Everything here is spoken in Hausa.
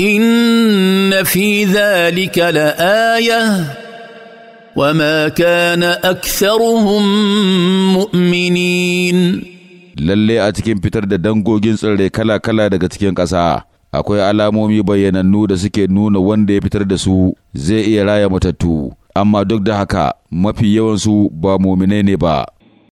ان في ذلك لايه وما كان اكثرهم مؤمنين lalle a cikin fitar da dangogin tsirrai kala-kala daga cikin ƙasa akwai alamomi bayyanannu da suke nuna wanda ya fitar da su zai iya raya matattu amma duk da haka mafi yawansu ba muminai ne ba